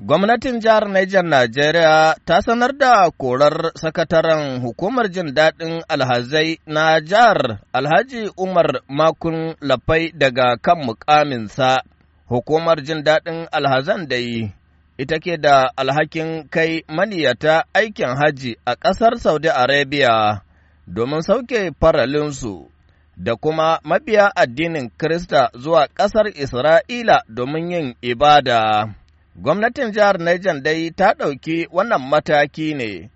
Gwamnatin jihar Niger Najeriya ta sanar da korar sakataren hukumar jin daɗin alhazai na jihar Alhaji Umar Makun Lafai daga kan mukaminsa. Hukumar jin daɗin alhazan da yi, ita ke da alhakin kai maniyata aikin haji a ƙasar Saudi Arabia domin sauke faralinsu. Da kuma mabiya addinin Kirista zuwa ƙasar Isra'ila domin yin ibada. Gwamnatin jihar Niger dai ta ɗauki wannan mataki ne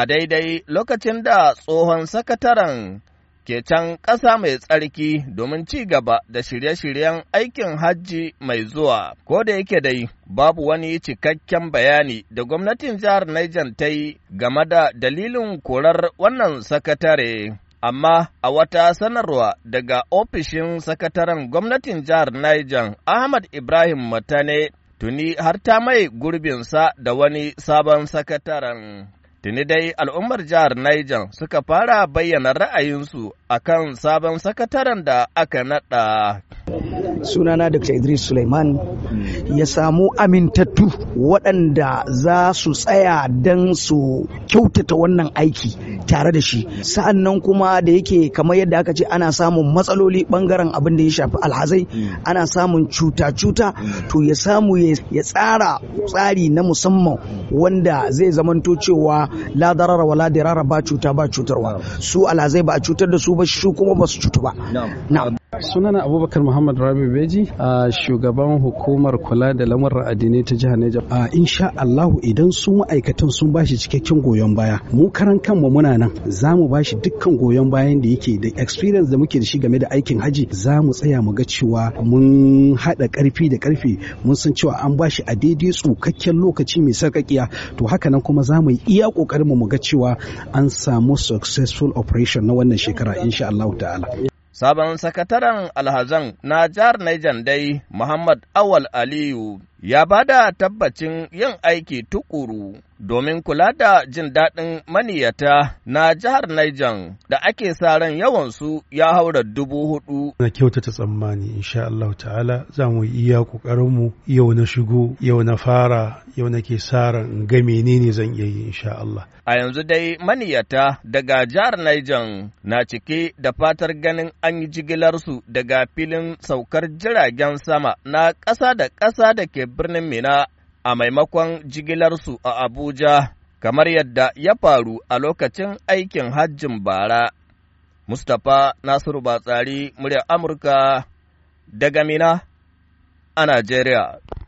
a daidai lokacin da tsohon sakataren ke can ƙasa mai tsarki domin ci gaba da shirye-shiryen aikin hajji mai zuwa, ko da yake dai babu wani cikakken bayani da gwamnatin jihar Niger ta yi game da dalilin korar wannan sakatare. amma a wata sanarwa daga ofishin sakataren gwamnatin jihar Niger Ahmad Ibrahim Matane tuni har ta mai gurbinsa da wani sabon sakataren. Tuni dai al'ummar jihar Niger suka fara bayyana ra'ayinsu a kan sabon sakataren da aka naɗa. sunana da idris suleiman ya samu amintattu waɗanda za su tsaya don su kyautata wannan aiki tare da shi sa'an nan kuma da yake kamar yadda aka ce ana samun matsaloli ɓangaren abin da ya shafi alhazai ana samun cuta-cuta to ya samu ya tsara tsari na musamman wanda zai zamanto cewa la darara wa la ba cuta ba cutarwa su alhazai ba a cutar da su ba su kuma ba su cutu ba sunana abubakar muhammad rabi beji a shugaban hukumar kula da lamuran addinai ta jihar neja a insha allahu idan su ma'aikatan sun bashi cikakken goyon baya mu karan kanmu muna nan za mu bashi dukkan goyon bayan da yake da experience da muke da shi game da aikin haji za mu tsaya mu ga cewa mun haɗa ƙarfi da ƙarfi mun san cewa an bashi a daidai tsukakken lokaci mai sarƙaƙiya to haka nan kuma za mu yi iya ƙoƙarin mu ga cewa an samu successful operation na wannan shekara insha allahu ta'ala Sabon sakataren alhazan na jihar Niger dai Muhammad Awal Aliyu ya ba da tabbacin yin aiki tukuru domin kula da jin daɗin maniyata na jihar Niger da ake sa ran yawansu ya haura dubu hudu. Na kyautata tsammani insha Allah ta'ala za mu iya ƙoƙarinmu yau na shigo yau na fara yau na ke sa ran ga menene zan iya yi insha Allah. A yanzu dai maniyata daga jihar Niger na cike da fatar ganin an yi su daga filin saukar jiragen sama na ƙasa da ƙasa da ke birnin Mina a maimakon jigilarsu a Abuja, kamar yadda ya faru a lokacin aikin hajjin bara. Mustapha Nasiru Batsari, murya Amurka, daga Mina a Najeriya.